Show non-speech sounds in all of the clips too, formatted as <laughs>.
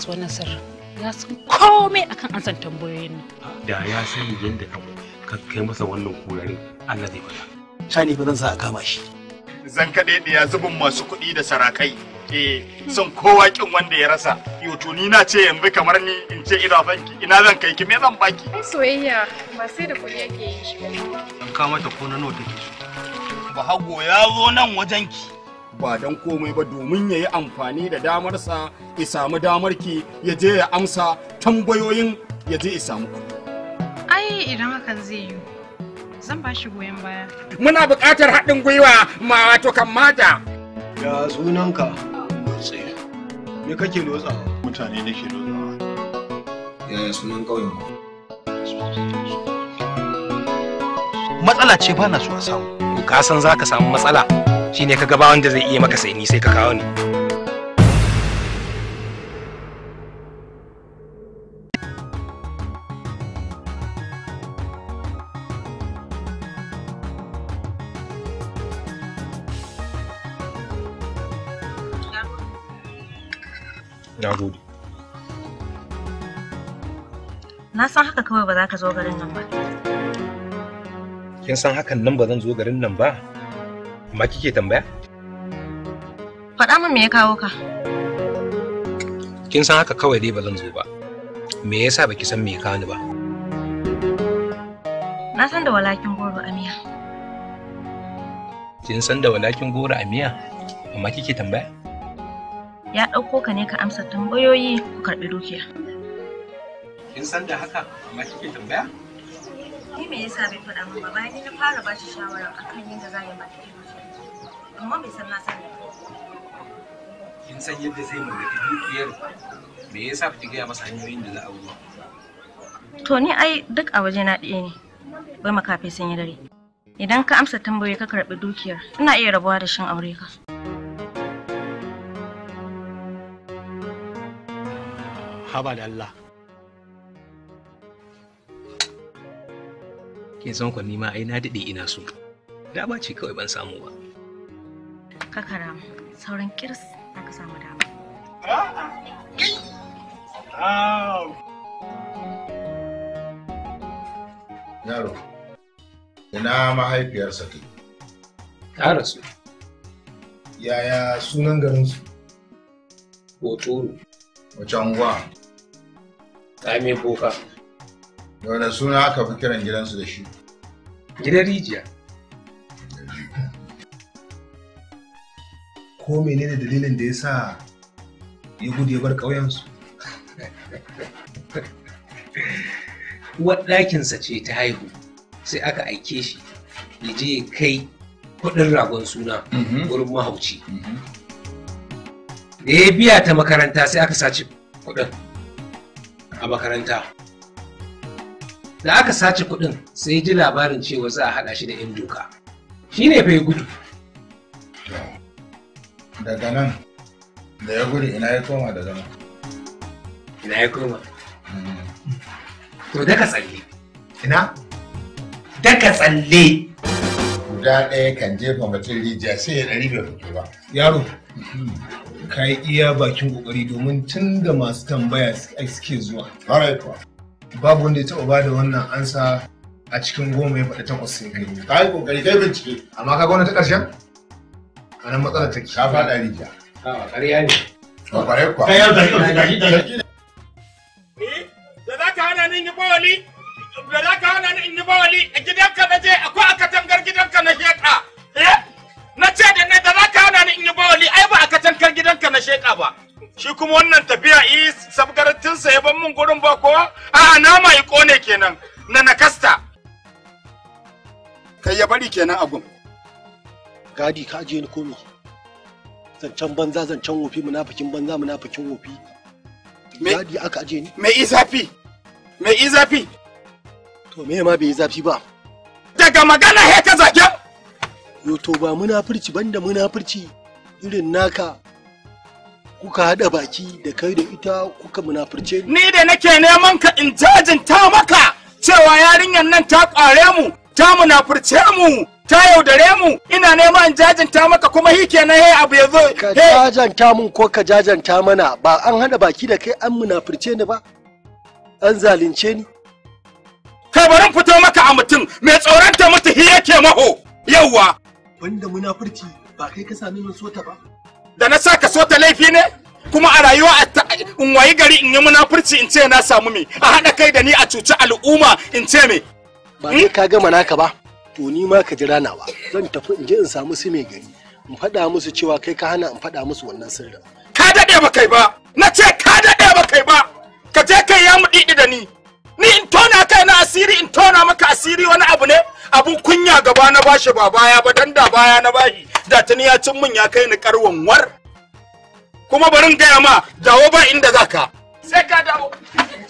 su wani sirrin ya san komai akan an san tambayoyin nan da ya san yadda ka kai masa wannan kurarin Allah zai fada shani ba zan sa a kama shi zan kaɗe da ya zubin masu kuɗi da sarakai eh son kowa kin wanda ya rasa yo to ni na ce yanzu kamar ni in ce ina banki ina zan kai ki me zan baki ai soyayya ba sai da kuɗi yake yin shi ba kan kama ta ko na nawa take ba hago ya zo nan wajen ki ba don komai ba domin ya yi amfani da damarsa ya samu damar ki ya je ya amsa tambayoyin ya je ya samu kuɗi. ai idan hakan zai yi zan ba shi goyon baya muna buƙatar haɗin gwiwa ma wato kan mata ya sunanka motsi me kake lotsawa mutane nake lotsawa yaya sunan ƙauyen matsala ce ba na so a samu ka san za ka samu matsala Shi ne ka gaba wanda zai iya maka sai ni sai ka kawo ni Na san haka kawai ba za ka zo garin nan ba. Kin san hakan nan ba zan zo garin nan ba? ma kike tambaya faɗa min me ya kawo ka kin san haka kawai dai ba zan zo ba me yasa baki san me ya kawo ni ba na san da walakin goro a miya kin san da walakin goro a miya amma kike tambaya ya ɗauko ka ne ka amsa tambayoyi ku karɓi dukiya kin san da haka amma kike tambaya ni me yasa bai faɗa min ba bayan na fara ba shi shawara akan yadda za ya mata amma bai san na sani kin san yadda zai mallaki dukiyar me yasa ki gaya masa hanyoyin da za a wuwa to ni ai duk a waje na ɗaya ne bai makafi sun yi dare idan ka amsa tambayoyi ka karɓi dukiyar ina iya rabuwa da shin aure ka haba da Allah kin san ku nima ai na daɗe ina so da ba ce kawai ban samu ba ka karamu sauran kirs za ka samu dama yaro ina mahaifiyarsa ke ta rasu yaya sunan garinsu hotoro wace unguwa tsame boka da wani suna aka fi kiran gidansu da shi gidan rijiya ko menene dalilin da ya sa ya gudu ya bar ƙauyensu ce ta haihu sai aka aike shi ya je kai kuɗin ragon suna mhm. wurin mahauci mhm. da ya biya ta makaranta sai aka sace kuɗin a makaranta da aka sace kuɗin sai ji labarin cewa za a haɗa shi da 'yan doka shi ne bai gudu daga nan da ya gudu ina ya koma da zama ina ya koma mm. to daga tsalle ina daga tsalle guda ɗaya kan jefa mutum rijiya sai ya ɗari bai fito ba yaro ka yi iya bakin kokari domin tun da masu tambaya suke zuwa babu wanda ya taɓa ba da wannan ansa a cikin goma ya faɗi takwas sai kai ka yi kokari kai bincike amma ka ga ta ƙarshen a nan matsala take shafa ɗari rijiya a ƙarya ne a ƙwarai kuwa ka yau da shi da shi da za ka hana ni yi bawali da za ka hana ni yi bawali a gidanka na je akwai a katangar gidanka na sheƙa eh? na ce da na da za ka hana ni in yi bawali ai ba a katangar gidanka na sheƙa ba shi kuma wannan tafiya yi sabgaratinsa ya ban min gurin ba kowa a nama yi kone kenan na nakasta kai ya bari kenan a gun gadi ka ajiye ni komi zancen banza zancen wofi munafikin banza munafikin wofi gadi aka ajiye ni mai izafi mai izafi to me ma bai zafi ba daga magana he ka zage yo to ba munafurci banda munafurci irin naka kuka hada baki da kai da ita kuka munafurce ni da nake neman ka in ta maka cewa yarinyar nan ta kware mu ta munafurce mu ta yaudare mu ina nema in jajanta maka kuma hi kenan he abu ya zo ka jajanta mun ko ka jajanta mana ba an hada baki da kai an munafirce ni ba an zalunce ni kai bari fito maka a mutum mai tsoron ta mutu hi yake maho yauwa banda munafurci ba kai ka sami min sota ba da na sa ka sota laifi ne kuma a rayuwa in wayi gari in yi munafurci in ce na samu me a haɗa kai da ni a cuci al'umma in ce me ba kai hmm? ka gama naka ba to ni ma ka jira nawa zan tafi in je in samu su mai gari in faɗa musu cewa kai ka hana in faɗa musu wannan sirrin ka daɗe ba kai ba na ce ka daɗe ba kai ba ka je kai ya muɗiɗi da ni ni in tona kai na asiri in tona maka asiri wani abu ne abun kunya gaba na bashi ba baya ba dan da baya na bashi da tuni ya cin mun ya kai ni karwan war kuma barin gaya ma dawo ba inda zaka sai ka dawo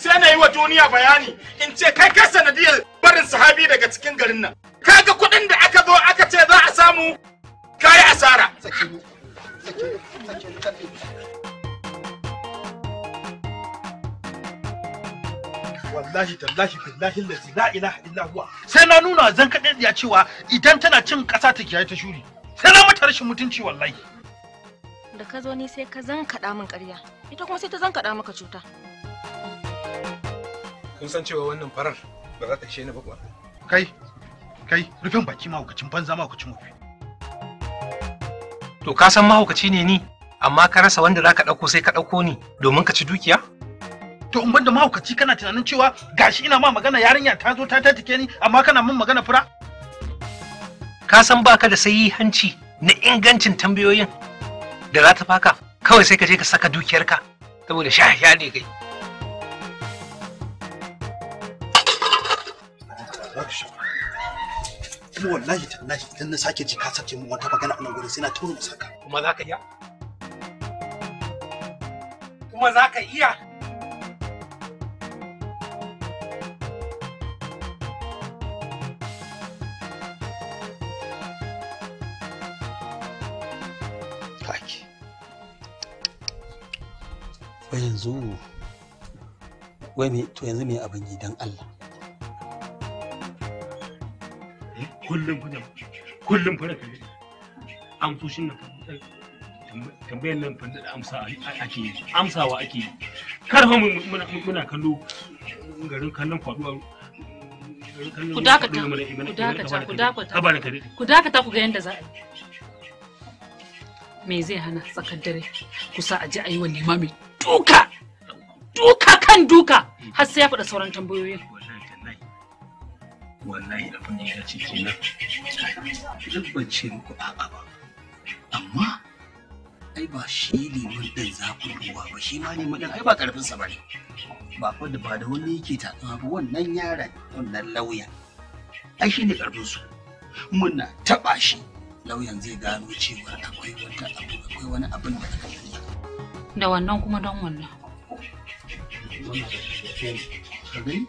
sai na yi wa duniya bayani in ce kai ka sanadiyar barin sahabi daga cikin garin nan kaga kuɗin da aka zo aka ce za a samu kayi asara wallahi tallahi billahi la ilaha illa sai na nuna zan kaɗe da cewa idan tana cin ƙasa ta kiyaye ta shuri sai na mata rashin mutunci wallahi da ka zo ni sai ka zan kaɗa min ƙarya ita kuma sai ta zan kaɗa maka cuta kun san cewa wannan farar ba za ta ishe ni ba kuwa kai kai rufin baki mahaukacin banza mahaukacin mafi to ka san mahaukaci ne ni amma ka rasa wanda za ka ɗauko sai ka ɗauko ni domin ka ci dukiya to in banda mahaukaci kana tunanin cewa gashi ina ma magana yarinya ta zo ta take ni amma kana min magana fura ka san baka da sayi hanci na ingancin tambayoyin da za ta faka kawai sai ka je ka saka dukiyarka saboda sha ya ne kai kuma wallahi tallahi idan na sake ji ka sake mu wata magana a nan gurin sai na tura saka kuma zaka iya kuma zaka iya yanzu wani to yanzu me abin yi dan Allah kullum kuna kullum fada amsoshin nan tambayar nan fanda amsa ake amsawa ake yi karfa muna kallo garin kallon faduwa ku dakata ku dakata ku ga yadda za a yi me zai hana tsakar dare kusa a ji a yi wa nema mai duka duka kan duka har sai ya faɗa sauran tambayoyin wallahi abin da ya ce kenan duk bace muku a'a ba amma ai ba shi liman ɗin za ku ruwa ba shi ma liman ɗin ai ba karfin sa bane ba ko da ba da wani yake ta ba wannan yaron wannan lauya ai shi ne karfin su muna taɓa shi lauyan zai gano cewa akwai wata abu akwai wani abin da aka da wannan kuma don wannan Agree?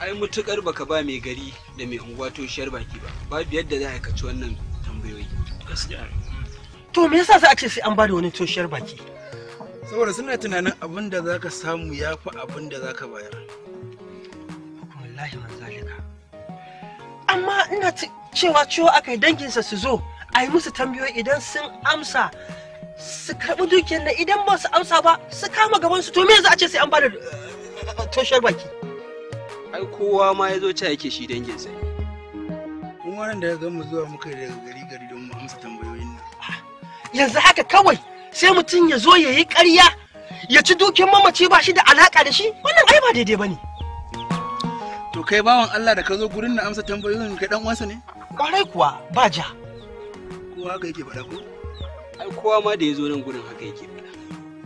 ai mutukar baka ba mai gari da mai unguwa shiyar baki ba babu yadda za a kaci wannan tambayoyi to me yasa sai a ce sai an bada da wani shiyar baki saboda suna tunanin abin da zaka samu ya fi abin da zaka bayar cewa ciwo aka yi danginsa su zo a yi musu tambayoyi idan sun amsa su karɓi dukiyar da idan ba su amsa ba su kama gaban su to me za a ce sai an da eh, toshar baki ai kowa ma ya zo ci yake shi danginsa. sa mun wannan da ya zo mu zuwa muka daga gari gari don mu amsa tambayoyin nan ah, yanzu haka kawai sai mutum ya zo ya yi ƙarya ya ci dukiyar mamaci ba shi da alaka da shi wannan ai ba daidai bane to kai bawan Allah da ka zo gurin na amsa tambayoyin kai dan uwansa ne Kwarai kuwa ba ja. Kowa haka yake faɗa ko? Ai kowa ma da ya zo nan gurin haka yake faɗa.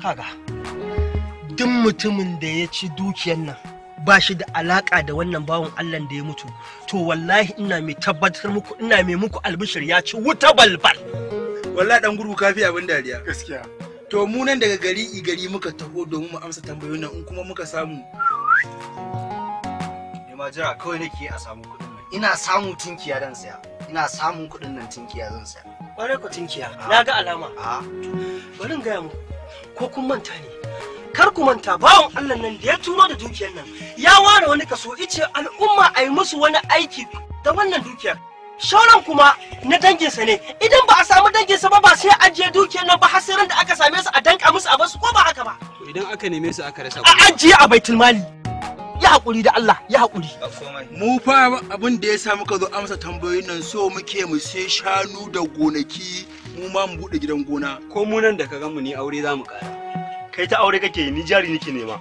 Kaga. Duk mutumin da ya ci dukiyar nan ba shi da alaka da wannan bawan Allah da ya mutu to wallahi ina mai tabbatar muku ina mai muku albishir ya ci wuta balbal wallahi dan guru kafi abin dariya gaskiya to mu nan daga gari i gari muka taho domin mu amsa tambayoyin nan in kuma muka samu ne ma jira kawai nake a samu kuɗi ina samun tinkiya dan saya ina samun kuɗin nan tinkiya zan saya ƙwarai ku tinkiya ah. na ga alama ah. bari gaya mu ko kun manta ne kar ku manta bawan Allah nan da ya turo da dukiyar nan ya ware wani kaso ice al'umma a yi musu wani aiki da wannan dukiyar shauran kuma na danginsa ne idan ba a samu danginsa ba ba sai ajiye dukiyar nan ba har sai da aka same su a danka musu a basu ko ba haka ba to idan aka neme su aka rasa a ajiye a baitul mali ya haƙuri da Allah ya haƙuri. Mu fa abin da ya sa muka zo amsa tambayoyin nan so muke mu sai shanu da gonaki mu ma mu buɗe gidan gona. Ko mu nan da ka mu ni aure za mu ƙara. Kai ta aure kake ni jari nake nema.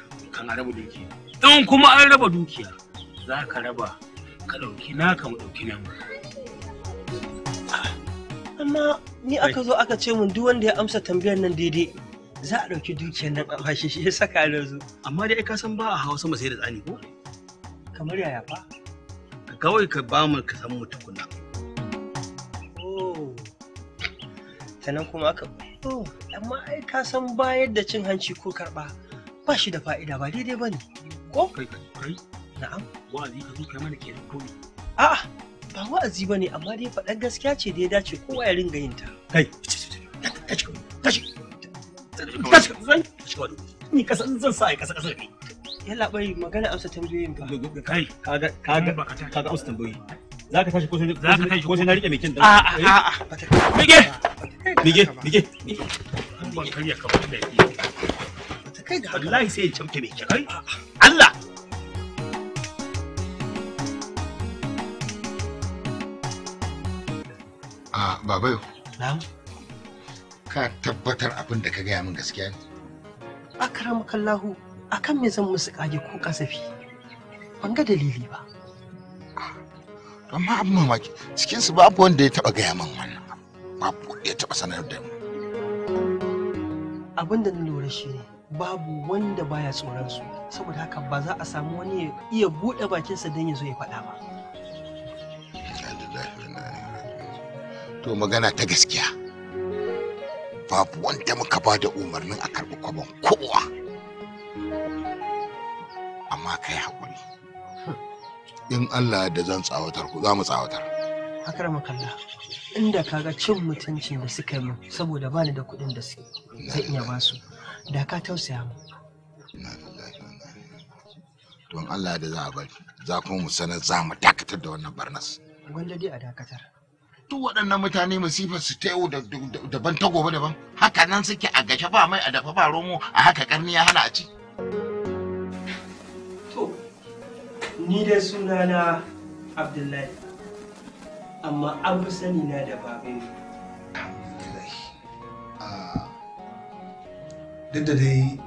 kan raba dukiya in kuma an raba dukiya za ka raba ka ɗauki naka mu ɗauki nan amma ni aka zo aka ce mun duk wanda ya amsa tambayar nan daidai za a ɗauki dukiyar nan a bashi shi ya saka na zo amma dai ka san ba a hawa sama sai da tsani ko kamar yaya fa kawai ka ba mu ka san mu tukuna oh. sannan kuma aka oh, amma ai ka san bayar da cin hanci ko karɓa ba shi da fa'ida ba daidai ba ne ko kai kai na'am wa'azi ka zo kai mana a'a ba wa'azi ba ne amma dai faɗan gaskiya ce da ya dace kowa ya ringa yin ta kai kashi kashi kashi ni zan sa kasa kasa ne yalla bai magana amsa tambayoyin ba kai kaga kaga kaga amsa tambayoyi zaka tashi ko sai zaka tashi ko sai na rike mai kin da eh? mige mige mige ban da kai ga wallahi sai ya camfe mai kai Allah a babayo na'am ka tabbatar abin da ka gaya min gaskiya ne A akram kallahu akan me zan musu kage ko kasafi ban ga dalili ba amma abin mamaki cikin babu wanda ya taba gaya min wannan babu wanda ya taba sanar da mu abin da na lura shi ne babu wanda baya tsoron su saboda haka ba za a samu wani ya iya buɗe bakinsa don ya zo ya faɗa ba to magana ta gaskiya babu wanda muka ba da umarnin a karɓi kwabon kowa amma kai haƙuri hmm. in allah da zan tsawatar ku za mu tsawatar inda kaga cin mutunci da suka yi min saboda ba ni da kuɗin da zai iya ba su da ka tausaya mu don Allah da za a bari za kuma mu sanar za mu dakatar da wannan barnas wanda dai a dakatar duk waɗannan mutane masifar su tayo da daban ta gobe daban haka nan suke a gashe ba mai a dafa ba romo a haka karni ya hana a ci to ni dai sunana abdullahi amma an fi sani na da baban ah, duk da dai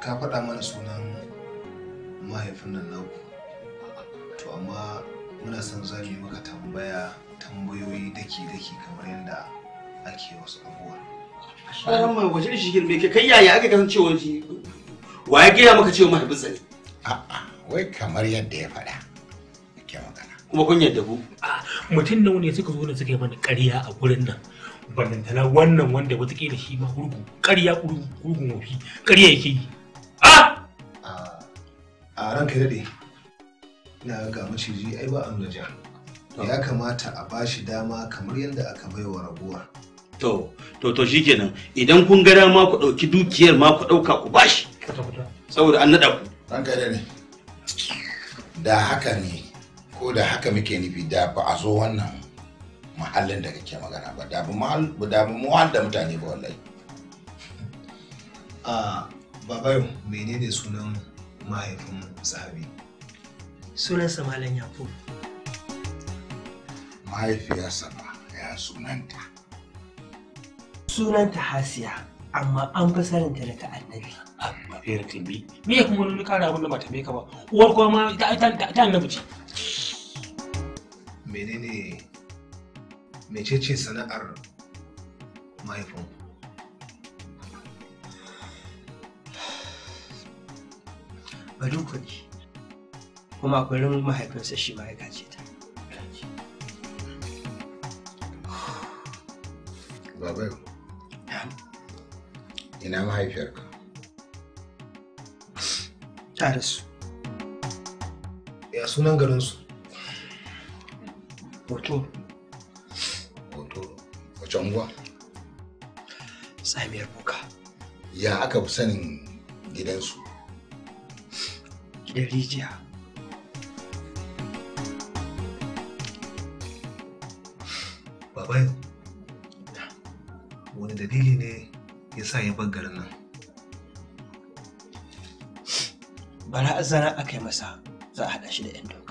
ka faɗa mana sunan mahaifin nan nauku to amma muna son za mu yi maka tambaya tambayoyi daki-daki kamar yadda ake wasu abubuwa sharan mai wajen shi girme ke kai yaya aka kasance waje shi wa ya gaya maka cewa mahaifin ne a'a wai kamar yadda ya faɗa ake magana kuma kun yadda ku mutum nawa ne suka zo ne suka yi mana ƙarya a gurin nan ballantana wannan wanda watakila shi ma hurgu ƙarya hurgun wafi ƙarya yake yi ah! a a ranka daɗe ina ga maciji ai ba an raja ya kamata a ba shi dama kamar yadda aka bai wa raguwa to to to shikenan idan kun gara maku ku ɗauki dukiyar ma ku ɗauka ku bashi saboda an naɗa ku ranka daɗe da haka ne ko da haka muke nufi da ba a zo wannan mahallin da kake magana ba da ba da ba muhal da mutane ba wallahi <laughs> a babayo menene sunan mahaifin sahabi sunansa malam yakub mahaifiyarsa ba ya sunanta sunanta hasiya amma an fi saninta ta ta annabi mafiyar kalbi me kuma nuna kara abin da mata ta ka ba uwar kuma ma ta annabi ce menene mecece sana'ar mahaifin barin kuɗi kuma akwai mahaifinsa shi ma ya gace ta babai ina mahaifiyarka ta rasu ya sunan garinsu Hotoro. Hotoro. Wace unguwa? Samiyar Buka. Ya aka fi sanin gidansu? Gidan rijiya. Babayo, wani dalili ne ya sa ya bar garin nan? Bara azara aka yi masa za a haɗa shi da 'yan doka.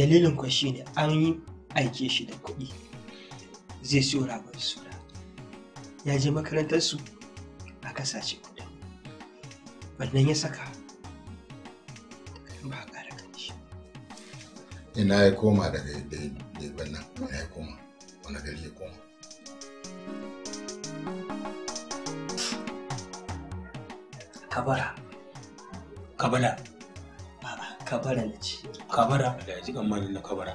dalilin kwa shi ne an yi aike shi da kuɗi zai siyo ragon suna ya je makarantarsu a kasashe kuɗi. wannan ya saka ba a ƙara kan shi ina ya koma daga wannan nan ina ya koma wani gari ya koma kabara kabala kabara na ce kabara da ya ji kamar na kabara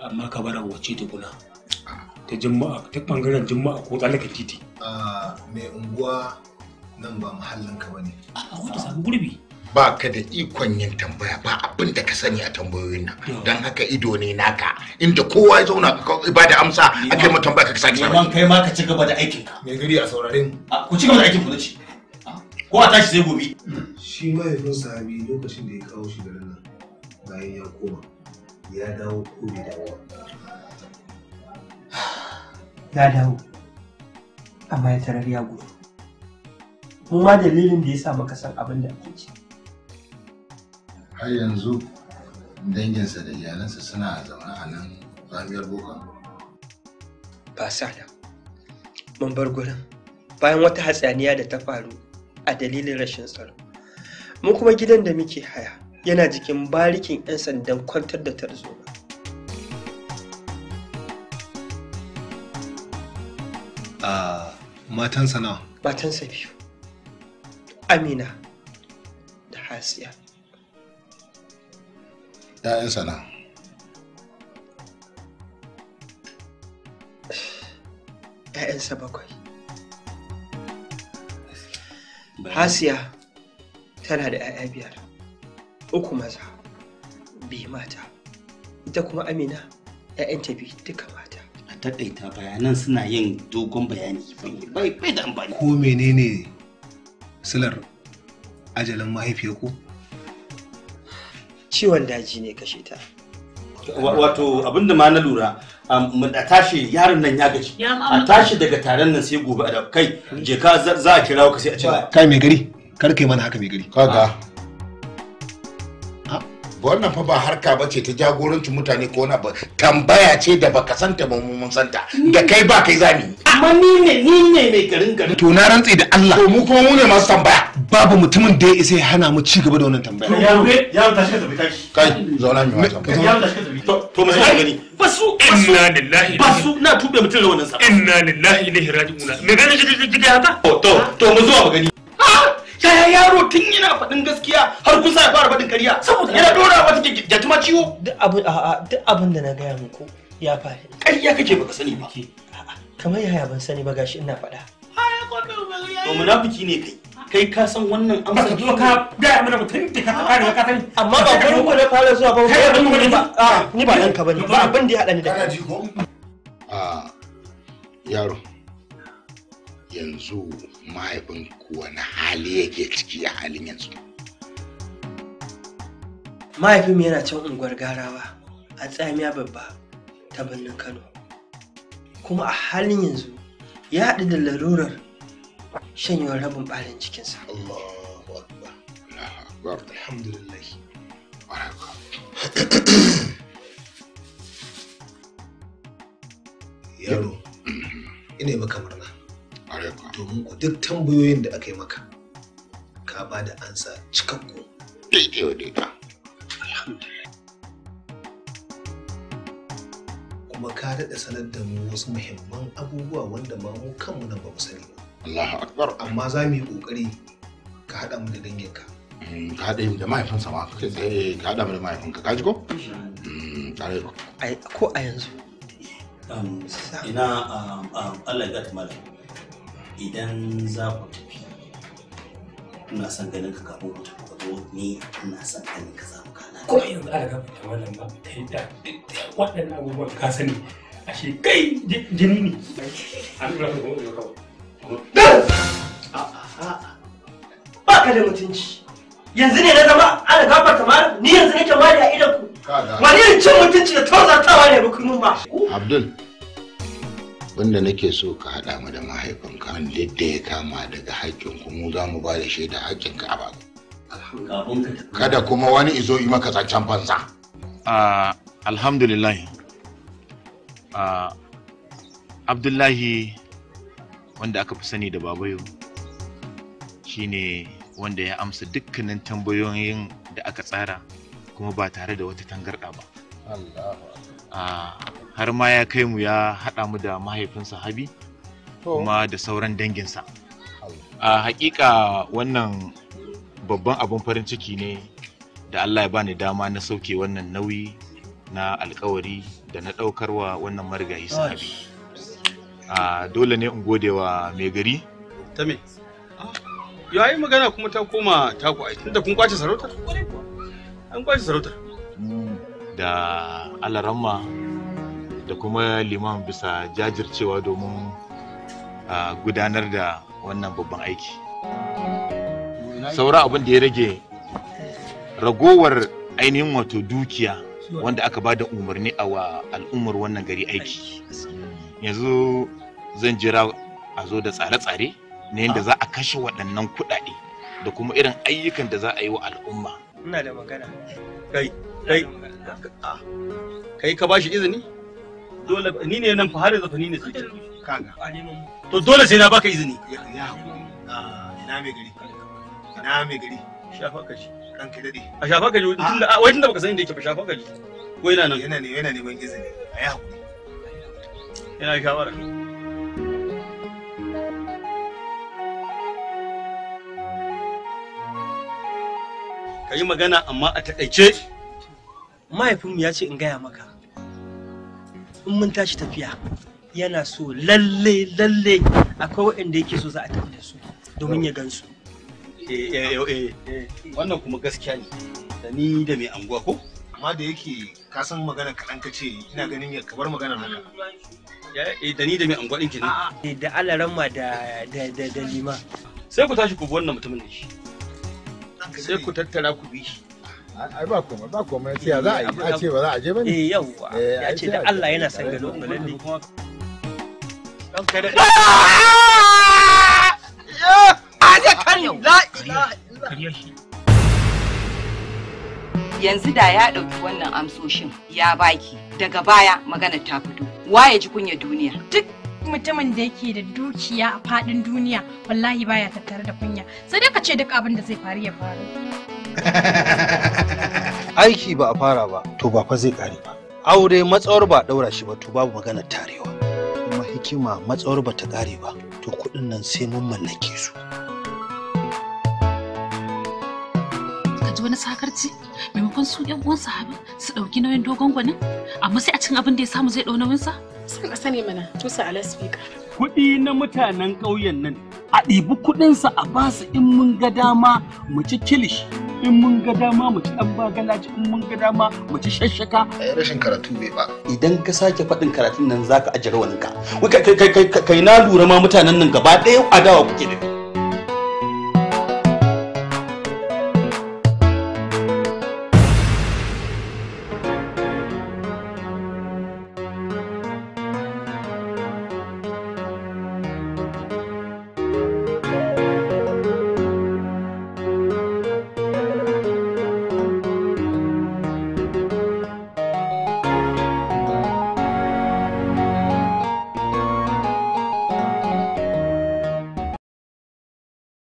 amma kabara ta kuna ta jimma'a ta bangaren jimma'a ko tsallaka titi mai unguwa nan ba mahallin ka bane a wata samu gurbi ba ka da ikon yin tambaya ba abin da ka sani a tambayoyin nan don haka ido ne naka inda kowa ya zauna ba da amsa a kai mutum ba ka sake sami kai ma ka ci gaba da aikin ka mai gari a sauraren ku ci gaba da aikin ku ci ko a tashi sai gobe shi mai mun sahabi lokacin da ya kawo shi garin nan bayan ya koma ya dawo ko bai dawo ya dawo amma ya tarar ya gudu mu ma dalilin da ya sa maka san abin da ake ci har yanzu danginsa da iyalansa suna zaune a nan ramiyar boka ba sa da mun bar gurin bayan wata hatsaniya da ta faru a dalilin rashin tsaro mu kuma gidan da muke haya yana jikin barikin 'yan sandan kwantar da tarzoma a matansa na matansa biyu amina da hasiya ‘ya'yansa na ‘ya'yansa bakwai hasiya tana da ‘ya'ya biyar uku maza biyu mata ita kuma amina 'ya'yanta biyu duka mata a takaita bayanan suna yin dogon bayani bai da amfani ko menene silar ajalin mahaifiyar ku ciwon daji ne kashe ta wato abinda ma na lura a tashi yaron nan ya gaji a tashi daga taron nan sai gobe a da kai je ka za a kira ka sai a ce kai mai gari kar kai mana haka mai gari kaga wannan fa ba harka ba ce ta jagoranci mutane ko wani tambaya ce da baka santa ba mun santa da kai ba kai zani amma ni ne ni ne mai garin garin to na rantsi da Allah to mu kuma mu ne masu tambaya babu mutumin da ya isa ya hana mu ci gaba da wannan tambaya ya ya tashi ka tafi kai kai zauna mi wata ya tashi ka tafi to mu sai gani basu inna lillahi basu na tube mutum da wannan sa inna lillahi ilaihi raji'un me ganin shi kike haka to to mu zuwa mu gani yaya yaro tun yana faɗin gaskiya har kun sa ya fara faɗin kariya saboda yana dora mata tuma ciwo duk a duk abin da na gaya muku ya faru ƙarya kake baka sani ba kamar yaya ban sani ba gashi ina faɗa to munafiki ne kai kai ka san wannan amsa ba ka ga mana mutum da ka fara ka sani amma ba ku ku da fara zuwa ba ba ni ba dan ka bane ba abin da ya hada ni da kai yaro yanzu mahaifin wani hali yake ciki a halin yanzu mahaifin yana can unguwar garawa a tsamiya babba ta birnin kano kuma a halin yanzu ya haɗu da larurar shanyewar rabin ɓarin cikinsa yaro mm-hmm. ina maka murna domin ku duk tambayoyin da aka yi maka ka ba da ansa cikakku daidai wa daidai kuma ka daɗa sanar da mu wasu muhimman abubuwa wanda ma mu kanmu nan ba mu sani ba Allahu akbar amma za mu yi kokari ka haɗa mu da danginka mm, ka haɗa mu da mahaifinsa ma kai tsaye eh, ka haɗa mu da mahaifinka ka ji ko mm, ko a yanzu ina Allah ya gata malam idan za ku tafi ina son ganin ka kafin ku tafi ka zo ni ina son ganin ka za mu kana ko yanzu ana gaba da wannan ba ta yi da waɗannan abubuwan ka sani ashe kai jini ne a nuna ka kuma ka ba ka da mutunci yanzu ne na zama ana ta kamar ni yanzu nake mari a idan ku wani cin mutunci da tozartawa ne ba kuma ba abdul wanda nake so ka haɗa mu da mahaifinka wanda ya kama daga haƙƙin ku mu za mu ba da shaida haƙƙin ka ba kada kuma wani izo yi maka zancen banza alhamdulillah abdullahi wanda aka fi sani da babayo shine wanda ya amsa dukkanin tambayoyin da aka tsara kuma ba tare da wata tangarɗa ba har ma ya kai mu ya haɗa mu da mahaifinsa habi kuma da sauran danginsa a hakika wannan babban abin farin ciki ne da allah ya bani dama na sauke wannan nauyi na alkawari da na ɗaukarwa wannan marigayi sahabi a dole ne in gode wa mai gari ta me magana kuma ta koma taku aiki. tunda kun kwace sarautar an kwace sarautar mm, da alaramma da kuma liman bisa jajircewa domin gudanar da wannan babban aiki saura abin da ya rage ragowar ainihin wato dukiya wanda aka ba da umarni a wa al'ummar wannan gari aiki yanzu zan jira a zo da tsare-tsare na yadda za a kashe waɗannan kuɗaɗe da kuma irin ayyukan da za a yi wa al'umma ina da magana kai kai kai ka bashi izini dole ni ne nan fa har yanzu ni ne sarki kaga to dole sai na baka izini ya ah, ina mai gari ina mai gari shafa ka ranka dade a shafa ka ji ah. Ah, wai tunda baka sani da yake ba shafa ka ji ko yana nan yana ne yana neman izini ayi hakuri yana shawara ka yi magana amma a takaice mahaifinmu ya ce in gaya maka in mun tashi tafiya yana so lalle lalle akwai waɗanda yake so za a tafi da su domin ya gansu. Eh, eh, eh, wannan kuma gaskiya ne da ni da mai anguwa ko? Amma da yake ka san magana kaɗan ka ce ina ganin ya kabar magana haka. Da ni da mai anguwa ɗin ne? Da alaramma da da lima. Sai ku tashi ku bi wannan mutumin da shi. Sai ku tattara ku bi shi. ai ba ba za a yi ce ba za a je eh, eh ya ce da Allah yana san a ah! ah! ah! yanzu da ya ɗauki wannan amsoshin ya baki daga baya magana ta fito waye ji kunya duniya duk mutumin da yake da dukiya a faɗin duniya wallahi baya tattare da kunya sai dai ka ce duk abin da zai faru ya faru <laughs> aiki ba a fara ba to ba fa zai kare ba aure matsawar ba daura shi ba to babu magana tarewa kuma hikima matsawar ba ta kare ba to kuɗin nan sai mun mallake su ka ji wani sakarci maimakon su yan uwan sahabi su ɗauki nauyin dogon gwanin amma sai a cikin abin da ya samu zai ɗau nauyinsa sun a sani mana tusa alaspika kuɗi na mutanen ƙauyen nan a ɗibi sa a basu in mun ga dama mu ci kilishi in mun ga dama mu ci dan bagalaci in mun ga dama mu ci shashshaka rashin karatu ne ba idan ka sake faɗin karatun nan zaka ajiye rawaninka kai kai na lura ma mutanen nan gaba ɗaya adawa kuke da